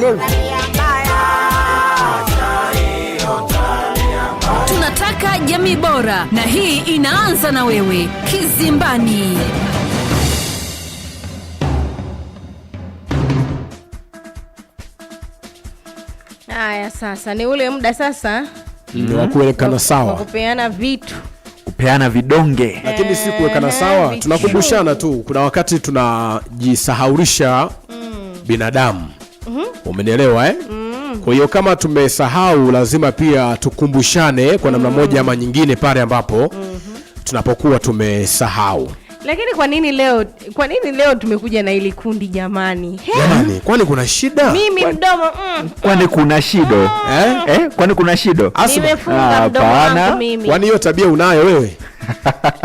sielewi. Tunataka jamii bora, na hii inaanza na wewe. Kizimbani. Haya, sasa ni ule muda sasa ndio wa kuwekana sawa, kupeana vitu kupeana vidonge, lakini si eh, kuwekana eh, sawa, tunakumbushana tu. Kuna wakati tunajisahaurisha mm. binadamu Umenielewa eh? Mm. Kwa hiyo kama tumesahau, lazima pia tukumbushane kwa namna mm. moja ama nyingine pale ambapo mm -hmm. tunapokuwa tumesahau. Lakini kwa nini leo, kwa nini leo tumekuja na ili kundi jamani? Jamani, kwani kuna shida? Mimi mdomo mm, kwani kuna shido mm, eh? Eh? Kwani kuna shido? Nimefunga ah, mdomo wangu mimi. Kwani hiyo tabia unayo wewe?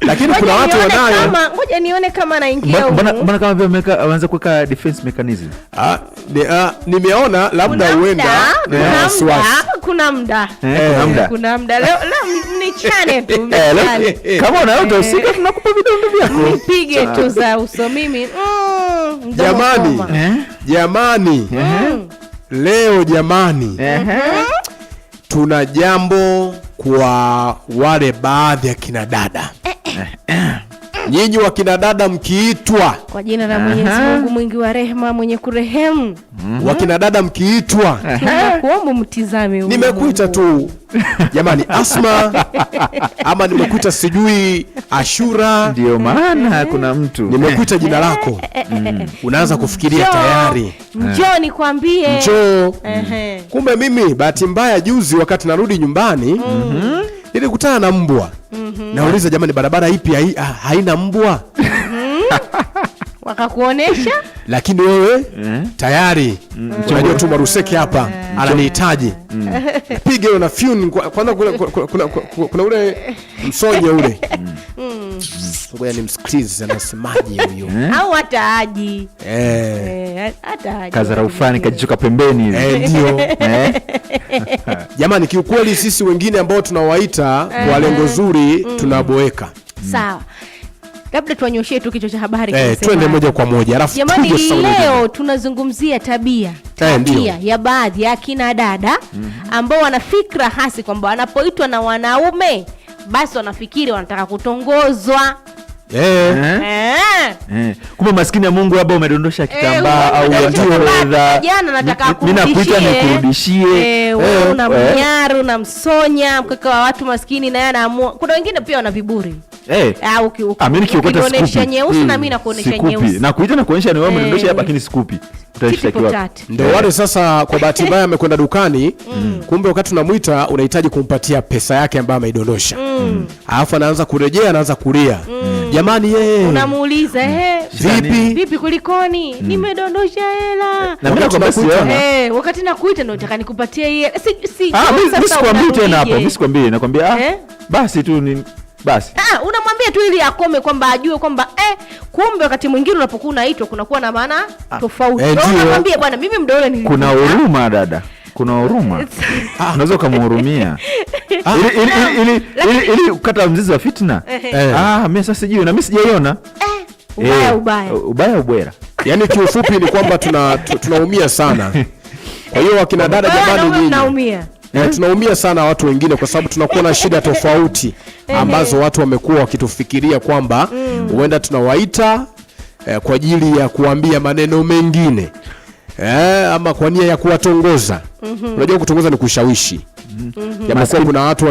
lakini kuna watu wanayo. Ngoja nione kama anaingia huko. Mbona kama vile wameweka waanza kuweka defense mechanism? Ah, ah nimeona labda huenda na eh, Kuna muda. Kuna eh, eh. muda. Kuna muda. Leo leo ni chane tu. Kama unaona usika tunakupa vidondo vyako. Nipige tu za uso mimi. Mm, jamani. Jamani. Mm. Leo jamani. Mm-hmm. Tuna jambo kwa wale baadhi ya kina dada Nyinyi wa kina dada mkiitwa kwa jina la Mwenyezi Mungu mwingi wa rehema mwenye kurehemu. Mhm. wa kina dada mkiitwa, nakuomba mtizame, huyu. nimekuita tu jamani, Asma ama nimekuita sijui Ashura, ndio maana kuna mtu nimekuita jina lako mm. Unaanza kufikiria tayari njoo eh. nikwambie, njoo. Kumbe mimi bahati mbaya juzi wakati narudi nyumbani mm mhm nilikutana na mbwa mm -hmm. Nauliza jamani, barabara ipi haina mbwa? Mhm wakakuonesha lakini wewe eh? tayari mm. unajua tu maruseke hapa eh. ananihitaji, mm. pige na fune kwanza. Kuna ule msonye ule, mm. ngoja nimsikilize anasemaje huyo, eh? au ataaji kazara fulani kajichoka pembeni hivi. Ndio jamani, kiukweli sisi wengine ambao tunawaita kwa lengo zuri tunaboeka. Sawa labda tuwanyoshee tu kichwa cha habari eh, twende moja kwa moja alafu jamani, leo tunazungumzia tabia eh, tabia ya baadhi ya akina dada mm -hmm. ambao wana fikra hasi kwamba wanapoitwa na wanaume basi wanafikiri wanataka kutongozwa. Eh. Eh. Eh. Eh, kumbe maskini ya Mungu labda umedondosha eh, kitambaa au wedha. Jana nataka nikurudishie. Wewe una mnyaru na msonya mkaka wa watu maskini na yeye anaamua. Kuna wengine pia wana viburi. Eh. Ah, ah, nyeusi na mimi hmm. nakuonyesha nyeusi. Na kuita na kuonyesha ni hapa lakini sikupi. Ndio wale sasa, kwa bahati mbaya amekwenda dukani mm. Kumbe wakati unamwita unahitaji kumpatia pesa yake ambayo ameidondosha, mm. alafu mm. anaanza kurejea, anaanza kulia mm. Jamani yeye, unamuuliza Namuuliza mm. eh, vipi vipi, kulikoni? Mm. Nimedondosha hela na mimi nakwambia, siona eh, wakati nakuita ndio nataka nikupatie hela. Si si, ah, mimi sikwambii tena hapo, mimi sikwambii, nakwambia ah, eh? basi tu ni basi ah, unamwambia tu ili akome kwamba ajue kwamba eh, kumbe wakati mwingine unapokuwa unaitwa kunakuwa na maana ah, tofauti. Unamwambia eh, bwana, mimi mda ule nilikuwa kuna ah. huruma dada kuna huruma ah. unaweza ukamhurumia ili ukata mzizi wa fitna. Eh, mimi sasa sijui na mimi sijaiona ubaya, eh, ubaya. Ubaya ubwera yani kiufupi ni kwamba tuna tunaumia sana kwa hiyo wakina dada jamani, tunaumia. E, eh, tunaumia sana watu wengine kwa sababu tunakuwa na shida tofauti eh, ambazo eh. watu wamekuwa wakitufikiria kwamba mm. huenda mm. tunawaita eh, kwa ajili ya kuambia maneno mengine eh, ama kwa nia ya kuwatongoza. Mhm. Unajua mm -hmm. kutongoza ni kushawishi Mhm. kuna watu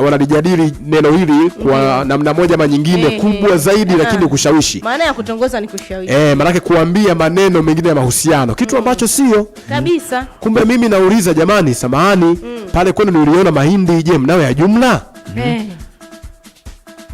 wanalijadili neno hili kwa mhm. namna moja ama nyingine kubwa zaidi, lakini kushawishi, maana ya kutongoza ni kushawishi eh, maanake kuambia maneno mengine ya mahusiano, kitu mm. ambacho sio kabisa. Kumbe mimi nauliza jamani, samahani, mm. pale kwenu niliona mahindi, je, mnayo ya jumla? Eh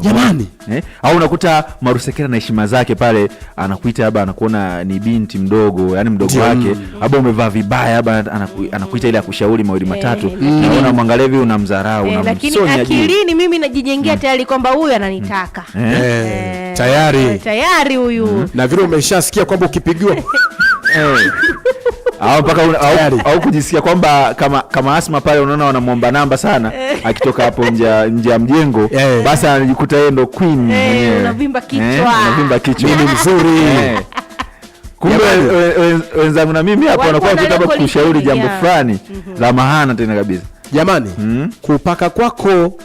jamani eh? Au unakuta Marusekera na heshima zake pale, anakuita labda anakuona ni binti mdogo, yani mdogo wake, mm. labda umevaa vibaya, labda anakuita ile akushauri mawili eh. matatu hey, mm. na unamwangalia hivi unamdharau hey, eh, lakini akilini mimi najijengea hmm. tayari kwamba huyu ananitaka mm. hey. Eh. hey. tayari tayari huyu hmm. na vile umeshasikia kwamba ukipigiwa hey. au mpaka au kujisikia kwamba kama kama Asma pale, unaona wanamwomba namba sana eh. akitoka hapo nje nje ya mjengo yeah. Basi anajikuta yeye ndo queen hey, eh, yeah. unavimba eh, kichwa, unavimba kichwa, mimi mzuri Kumbe wenzangu na mimi hapa wanakuwa kitaba kushauri jambo fulani mhm. la maana tena kabisa. Jamani, hmm? kupaka kwako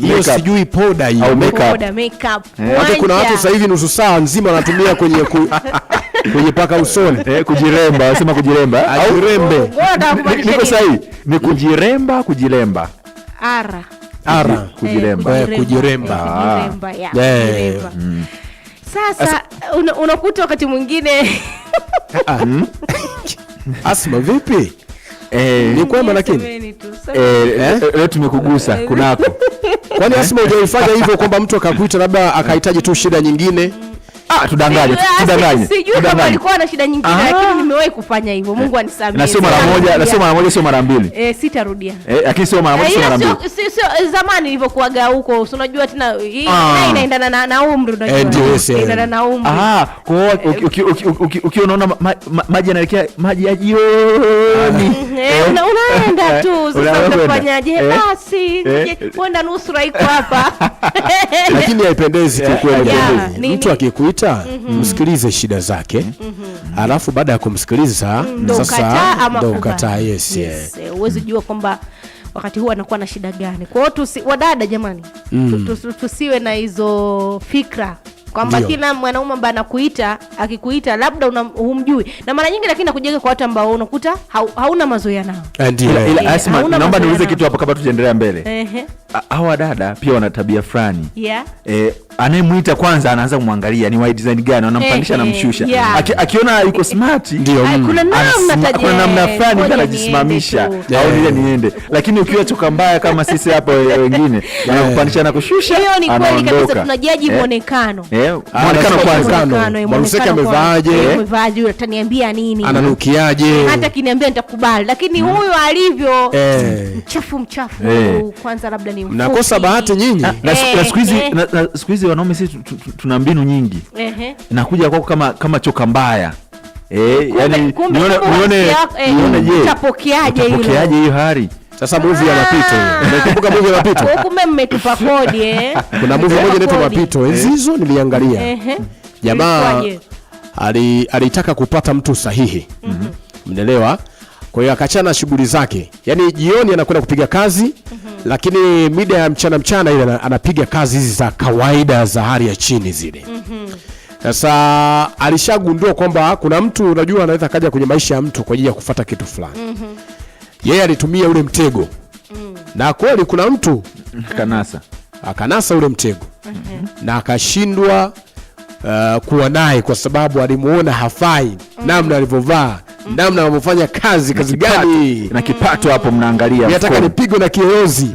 hiyo sijui poda hiyo. makeup makeup. Kuna watu sasa hivi nusu saa nzima wanatumia kwenye ku kujipaka usoni eh, kujiremba, sema kujiremba au rembe. Niko sahihi? Ni kujiremba, kujiremba ara ara, eh, eh, kujiremba kujiremba. Ah. Eh. Mm. Sasa unakuta wakati mwingine ah, hmm? Asma, vipi? Eh, ni kwamba lakini leo tumekugusa kunako. Kwani Asma hujaifanya hivyo kwamba mtu akakuita labda akahitaji tu shida nyingine Ah, tudanganye, ah, tudanganye. Sijui kama alikuwa na shida nyingine lakini nimewahi kufanya hivyo. Eh, Mungu anisamehe. Na sio mara moja, na sio mara moja, sio mara mbili. Eh, sitarudia. Eh, lakini sio mara moja, sio eh, mara mbili. Sio eh, zamani ilivyokuaga huko. Unajua tena hii ah. inaendana na umri unajua. Inaendana na umri. Ah, kwa hiyo ukiwa unaona maji yanaelekea maji ya jioni. Unaenda tu sasa utafanyaje? Basi kwenda nusura iko hapa. Lakini haipendezi kwa kweli. Mtu akikuita sawa, mhm. msikilize shida zake, mhm. alafu baada ya kumsikiliza sasa ndo ukataa. Yes, eh, uwezi jua kwamba wakati huu anakuwa na shida gani. Kwa hiyo wadada, jamani, mm. tusiwe na hizo fikra kwamba kila mwanaume ambaye anakuita akikuita, labda humjui, na mara nyingi lakini nakujaga kwa watu ambao unakuta hauna mazoea nao. Ah, ndio, ila yaani, Asma, naomba niulize kitu hapo kabla tujaendelea mbele. Hawa dada pia wana tabia fulani yeah. Eh, anayemwita kwanza anaanza kumwangalia ni wide design gani, anampandisha anamshusha, yeah. akiona yuko smart ndio mm. kuna namna fulani anajisimamisha au ile eh. niende, lakini ukiwa choka mbaya kama sisi hapo eh, wengine, eh. wanakupandisha na kushusha. Hiyo ni kweli kabisa, tunajaji muonekano Eh, ah, Maruseke amevaaje, eh, ataniambia nini, ananukiaje? Hata kiniambia nitakubali, lakini hmm. huyu alivyo eh. mchafu mchafu, kwanza labda ni mfupi. Nakosa bahati nyinyi. Na siku hizi wanaume sisi tuna mbinu nyingi, nakuja kwako kama kama choka mbaya eh, yani nione nione, je hiyo hali sasa movie ya mapito. Ah. Unakumbuka movie ya mapito? Kumbe mmetupa kodi eh. Kuna movie moja inaitwa Mapito. Enzi hizo niliangalia. Jamaa alitaka kupata mtu sahihi. Mhm. Mnaelewa? Kwa hiyo akachana shughuli zake. Yaani jioni anakwenda kupiga kazi mhm. lakini mida ya mchana mchana ile anapiga kazi hizi za kawaida za hali ya chini zile. Mhm. Sasa mm -hmm. alishagundua kwamba kuna mtu unajua anaweza kaja kwenye maisha ya mtu kwa ajili ya kufuata kitu fulani. mm -hmm yeye alitumia ule mtego mm. na kweli kuna mtu akanasa akanasa ule mtego na akashindwa uh, kuwa naye kwa sababu alimuona hafai mm. namna alivyovaa mm. namna anavyofanya kazi, kazi gani na kipato hapo, mnaangalia nataka nipigwe na kiyoyozi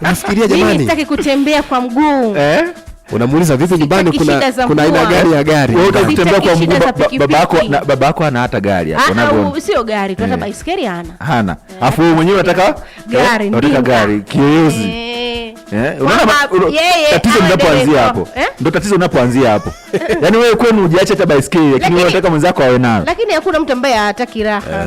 nafikiria jamani, sitaki kutembea kwa mguu eh? unamuuliza vipi nyumbani, kuna kuna aina gari ya gari? Wewe utakutembea kwa mguu. babako na babako ana hata gari hapo, ah, unavyoona sio gari tu, hata eh. baisikeli hana, hana eh, afu wewe mwenyewe unataka gari, eh, unataka gari kiyoyozi. Tatizo linapoanzia hapo ndio tatizo linapoanzia hapo. Yaani wewe kwenu ujiache hata baiskeli, lakini wewe unataka mwenzako awe nayo, lakini hakuna mtu ambaye hataki raha.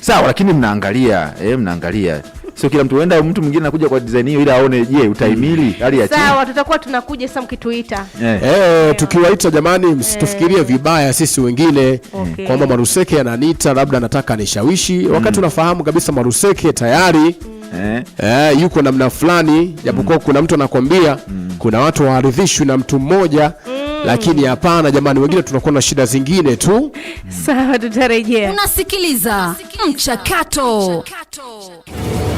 Sawa, lakini mnaangalia eh, mnaangalia sio kila mtu, uenda mtu mwingine anakuja kwa design hiyo, ili aone, je, utaimili mm. hali ya chini. Sawa, tutakuwa tunakuja sasa mkituita eh, hey, eh, eh. tukiwaita jamani, msitufikirie eh, vibaya sisi wengine okay, kwamba Maruseke ananiita labda anataka anishawishi mm, wakati unafahamu kabisa Maruseke tayari Eh. Eh, yuko namna fulani japokuwa mm. kuna mtu anakwambia mm. kuna watu waaridhishwi na mtu mmoja mm. Lakini hapana jamani, wengine tunakuwa na shida zingine tu. mm. Sawa, tutarejea. Unasikiliza mchakato, mchakato. Mchakato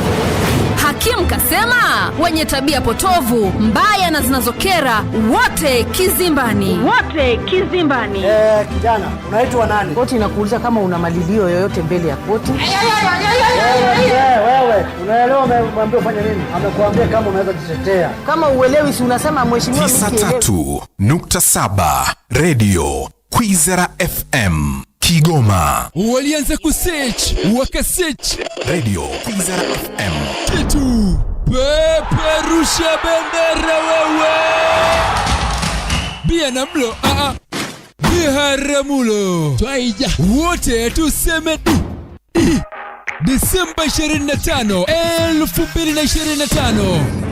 hakim kasema wenye tabia potovu mbaya na zinazokera wote kizimbani, wote kizimbani. Eh, kijana unaitwa nani? Koti inakuuliza kama una malilio yoyote mbele ya koti. Wewe unaelewa umemwambia ufanye nini? Amekuambia kama unaweza kujitetea. Kama uelewi, si unasema mheshimiwa. 37 Radio Kwizera FM. Kigoma. Walianza kusearch wakasearch Radio Kwizera FM kitu peperusha bendera wewe bia na mlo aa biharamulo twaija wote tuseme du Disemba 25 2025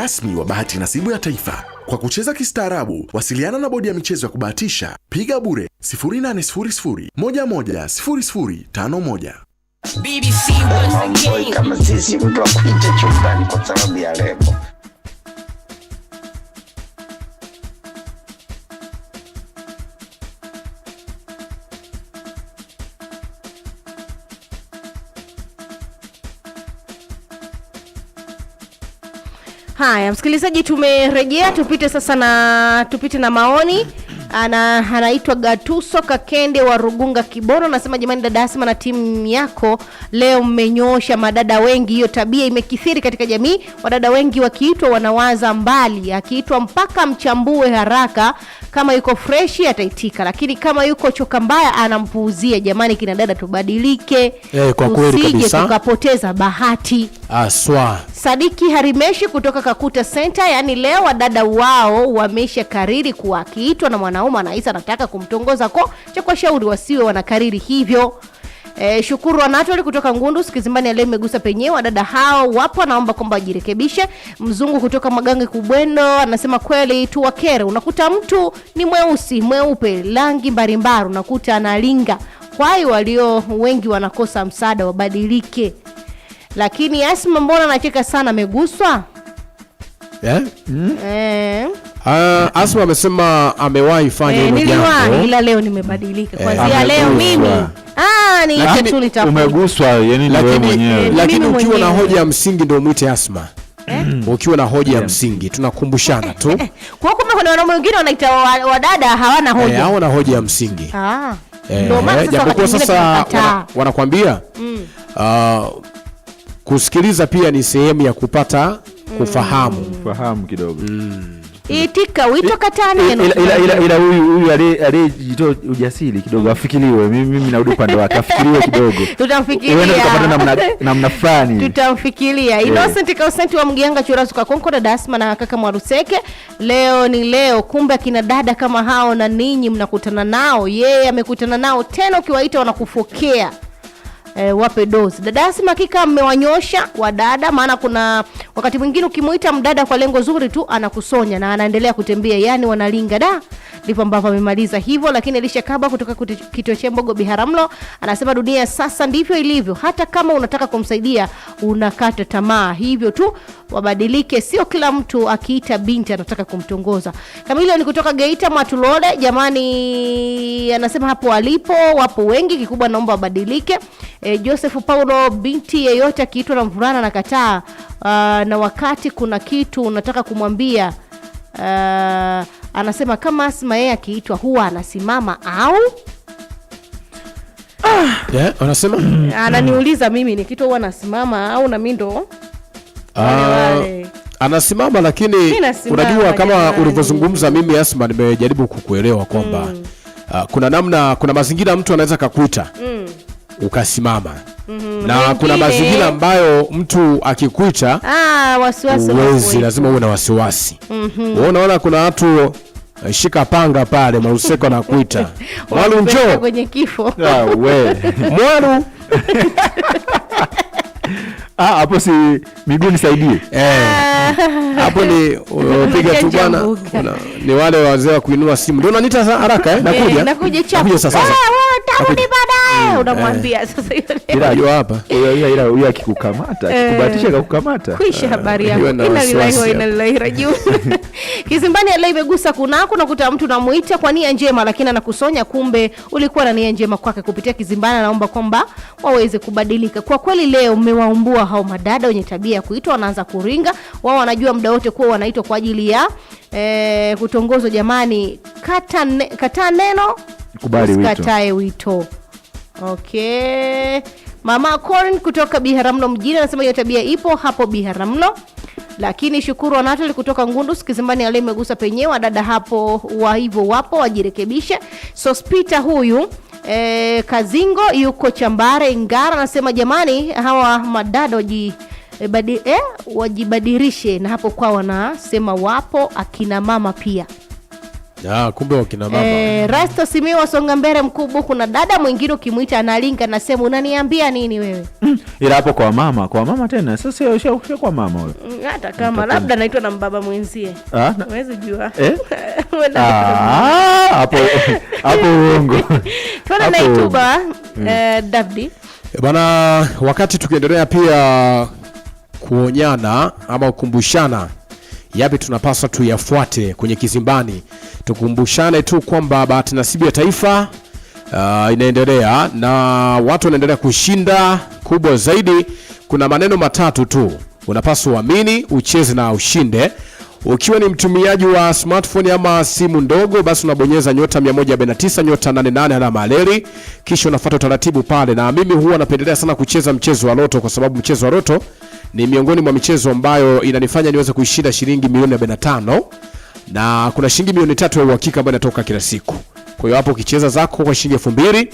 rasmi wa bahati nasibu ya taifa. Kwa kucheza kistaarabu, wasiliana na bodi ya michezo ya kubahatisha, piga bure 0800 11 0051. BBC kama sisi mtu akuite chumbani kwa sababu ya lebo Haya, msikilizaji, tumerejea. Tupite sasa na tupite na maoni. Ana, anaitwa Gatuso Kakende wa Rugunga Kiboro, anasema jamani, dada Asma na timu yako leo mmenyosha madada wengi, hiyo tabia imekithiri katika jamii. Wadada wengi wakiitwa wanawaza mbali, akiitwa mpaka mchambue haraka. Kama yuko freshi ataitika, lakini kama yuko choka mbaya anampuuzia. Jamani kina dada, tubadilike, eh, tusije tukapoteza bahati. Aswa. Sadiki Harimeshi kutoka Kakuta Center, yani leo wadada wao wamesha kariri kuwa akiitwa na mwanaume anahisi anataka kumtongoza ko cha shauri wasiwe wanakariri hivyo. E, Shukuru Anatoli kutoka Ngundu Sikizimbani leo imegusa penyewe. Wadada hao wapo, naomba kwamba wajirekebishe. Mzungu kutoka Magange Kubwendo anasema kweli tu wakere, unakuta mtu ni mweusi mweupe, rangi mbalimbali, unakuta analinga. Kwa hiyo walio wengi wanakosa msaada, wabadilike. Lakini Asma, mbona anacheka sana, ameguswa yeah? mm. e. Uh, ah, Asma amesema amewahi fanya eh, hilo jambo. ila leo nimebadilika. Eh, Kwanza leo mimi fulani umeguswa yani wewe mwenyewe, eh, lakini eh? mm. ukiwa na hoja ya msingi ndio muite Asma. Ukiwa na hoja ya msingi tunakumbushana tu. Eh, kwa kumbe kuna wanaume wengine wanaita wadada hawana hoja. Hawana hoja ya msingi. Ah. Japokuwa sasa wanakuambia mm. ah, kusikiliza pia ni sehemu ya kupata mm. kufahamu. Kufahamu kidogo. Itika wito katani Ila huyu huyu aliyejitoa ujasiri kidogo afikiriwe. Mimi narudi upande wake, afikiriwe kidogo. Tutamfikiria. Namna fulani. Tutamfikiria. Innocent Kausenti wa mgianga Churazu Kakonko na Dasma na kaka Mwaruseke. Leo ni leo, kumbe akina dada kama hao na ninyi mnakutana nao. Yeye yeah, amekutana nao tena, ukiwaita wanakufokea e, wape dozi. Dada asema hakika mmewanyosha wadada, maana kuna wakati mwingine ukimuita mdada kwa lengo zuri tu anakusonya na anaendelea kutembea, yani wanalinga da. Ndipo ambavyo amemaliza hivyo. Lakini Elisha Kaba kutoka kituo cha Mbogo Biharamlo anasema dunia sasa ndivyo ilivyo, hata kama unataka kumsaidia unakata tamaa, hivyo tu wabadilike, sio kila mtu akiita binti anataka kumtongoza. ni kutoka Geita Mwatulole, jamani, anasema hapo walipo wapo wengi, kikubwa naomba wabadilike e, Joseph Paulo, binti yeyote akiitwa na mvulana kataa, Uh, na wakati kuna kitu unataka kumwambia uh, anasema kama Asma yeye akiitwa huwa anasimama au ah. yeah, anasema ananiuliza mimi nikiitwa huwa nasimama au na mimi ndo uh, anasimama lakini unajua kama ulivyozungumza, mimi Asma nimejaribu kukuelewa kwamba mm. uh, kuna namna, kuna mazingira mtu anaweza kakuta mm ukasimama mm -hmm. na Mengine. kuna mazingira eh, ambayo mtu akikuita ah, wasiwasi uwezi, lazima uwe na wasiwasi mm -hmm. Unaona kuna watu eh, shika panga pale Maruseko kuita mwalu njo kwenye kifo ah, we Mwaru ah, hapo si miguu nisaidie eh. hapo ni piga tu bwana, ni wale wazee wa kuinua simu ndio unanita haraka eh, nakuja nakuja sasa narudi baadaye, eh, unamwambia eh. sasa. Ila hapa, ila akikukamata, eh, ah, habari yako. Kizimbani leo imegusa kunako, nakuta mtu namuita kwa nia njema, lakini anakusonya, kumbe ulikuwa na nia njema kwake. Kupitia Kizimbani anaomba kwamba waweze kubadilika. Kwa kweli leo mmewaumbua hao madada wenye tabia ya kuitwa, wanaanza kuringa. Wao wanajua muda wote kuwa wanaitwa kwa ajili ya eh, kutongozwa. Jamani, kata, ne, kata neno kubali wito, usikatae wito. Okay, mama Corin kutoka Biharamlo mjini anasema hiyo tabia ipo hapo Biharamlo. Lakini shukuru Anatoli kutoka Ngundus Kizimbani imegusa penyewe, dada hapo wa hivyo wapo wajirekebishe. Sospita huyu e, Kazingo yuko Chambare Ngara anasema jamani, hawa madada waji e, e, wajibadirishe na hapo kwa wanasema wapo akina mama pia ya, kumbe wakina baba. Eh, Rasta Simiwa songa mbele mkubwa kuna dada mwingine ukimwita analinga na sema unaniambia nini wewe? Mm. ila hapo kwa mama, kwa mama tena. Sasa sio sio kwa mama wewe. Mm, hata kama labda naitwa na mbaba mwenzie. Ah, huwezi jua. Eh? ah, hapo hapo uongo. Tuna na naituba eh, Davdi. Eh, bana, wakati tukiendelea pia kuonyana ama kukumbushana yapi tunapaswa tuyafuate kwenye kizimbani. Tukumbushane tu kwamba bahati nasibu ya taifa uh, inaendelea na watu wanaendelea kushinda. Kubwa zaidi, kuna maneno matatu tu unapaswa uamini, ucheze na ushinde. Ukiwa ni mtumiaji wa smartphone ama simu ndogo, basi unabonyeza nyota 149 nyota 88 alama aleri, kisha unafuata utaratibu pale. Na mimi huwa napendelea sana kucheza mchezo wa loto, kwa sababu mchezo wa loto ni miongoni mwa michezo ambayo inanifanya niweze kuishinda shilingi milioni 45 na kuna shilingi milioni tatu ya uhakika ambayo inatoka kila siku. Kwa hiyo hapo ukicheza zako kwa shilingi 2000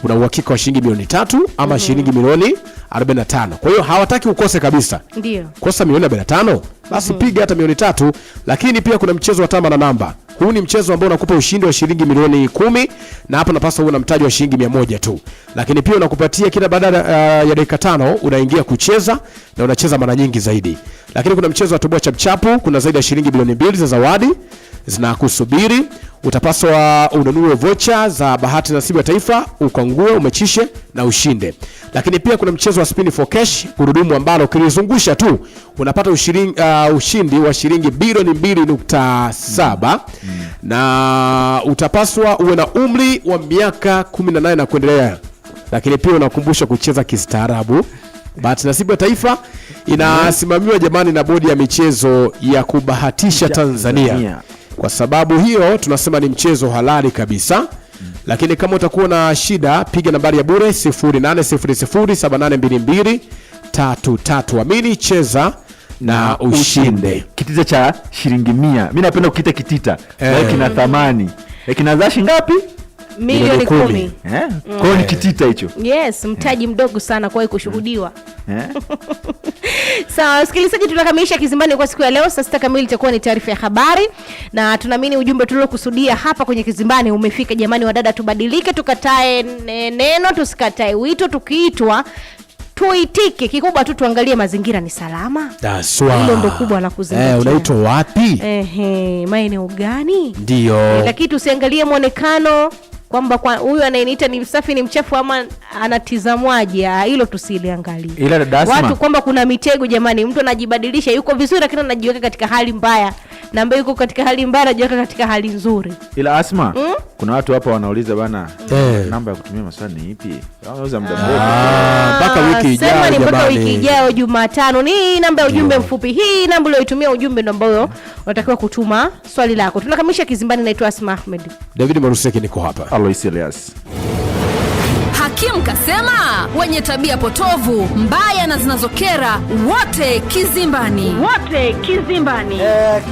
kuna uhakika wa shilingi milioni tatu ama mm -hmm. shilingi milioni 45. Kwa hiyo hawataki ukose kabisa. Ndio. Kosa milioni 45, basi mm -hmm. piga hata milioni tatu, lakini pia kuna mchezo wa tamba na namba. Huu ni mchezo ambao unakupa ushindi wa shilingi milioni kumi na hapa napaswa uwe na mtaji wa shilingi moja tu, lakini pia unakupatia kila baada uh, ya dakika tano unaingia kucheza na unacheza mara nyingi zaidi. Lakini kuna mchezo wa toboa chapchapu, kuna zaidi ya shilingi bilioni mbili za zawadi zinakusubiri. Utapaswa ununue vocha za bahati nasibu ya taifa, ukangue, umechishe na ushinde. Lakini pia kuna mchezo wa spin for cash, gurudumu ambalo ukilizungusha tu unapata ushiringi, uh, ushindi wa shilingi bilioni 2.7 mm. na utapaswa uwe na umri wa miaka 18 na kuendelea. Lakini pia unakumbusha kucheza kistaarabu. Bahati nasibu ya taifa inasimamiwa jamani, na bodi ya michezo ya kubahatisha Tanzania. Kwa sababu hiyo tunasema ni mchezo halali kabisa Lakini kama utakuwa na shida, piga nambari ya bure 0800782233. Amini, cheza na ushinde. Kitita cha shilingi mia, mimi napenda kukita kitita eh. eh, kina thamani. Kinazaa shilingi ngapi? milioni kumi eh? mm. Kwao ni kitita hicho, yes, mtaji eh. mdogo sana kwahi mm. kushuhudiwa yeah. Sawa so, tunakamilisha Kizimbani kwa siku ya leo. Saa sita kamili itakuwa ni taarifa ya habari, na tunaamini ujumbe tuliokusudia hapa kwenye Kizimbani umefika. Jamani wadada, tubadilike, tukatae neno, tusikatae wito, tukiitwa tuitike. Kikubwa tu tuangalie mazingira ni salama. ndo kubwa la kuzunaitwa Eh, wapi? eh, maeneo gani? Ndio, lakini tusiangalie mwonekano kwamba kwa huyu anayeniita ni msafi ni mchafu ama anatizamwaje? Ah, hilo tusiliangalie, ila watu kwamba kuna mitego jamani, mtu anajibadilisha, yuko vizuri lakini anajiweka katika hali mbaya na ambayo yuko katika hali mbaya anajiweka katika hali nzuri. Ila Asma, mm? kuna watu hapa wanauliza bana, hey. Eh. namba ya kutumia maswali ni ipi? Wanauza muda ah, mrefu mpaka wiki ijayo. Sema ni mpaka wiki ijayo Jumatano. Ni namba ya ujumbe mfupi hii, namba uliyoitumia ujumbe ndio ambayo unatakiwa kutuma swali lako. Tunakamilisha Kizimbani, naitwa Asma Ahmed. David Maruseke niko hapa. Alois Elias. Hakim kasema wenye tabia potovu mbaya na zinazokera wote kizimbani, wote kizimbani. Eh,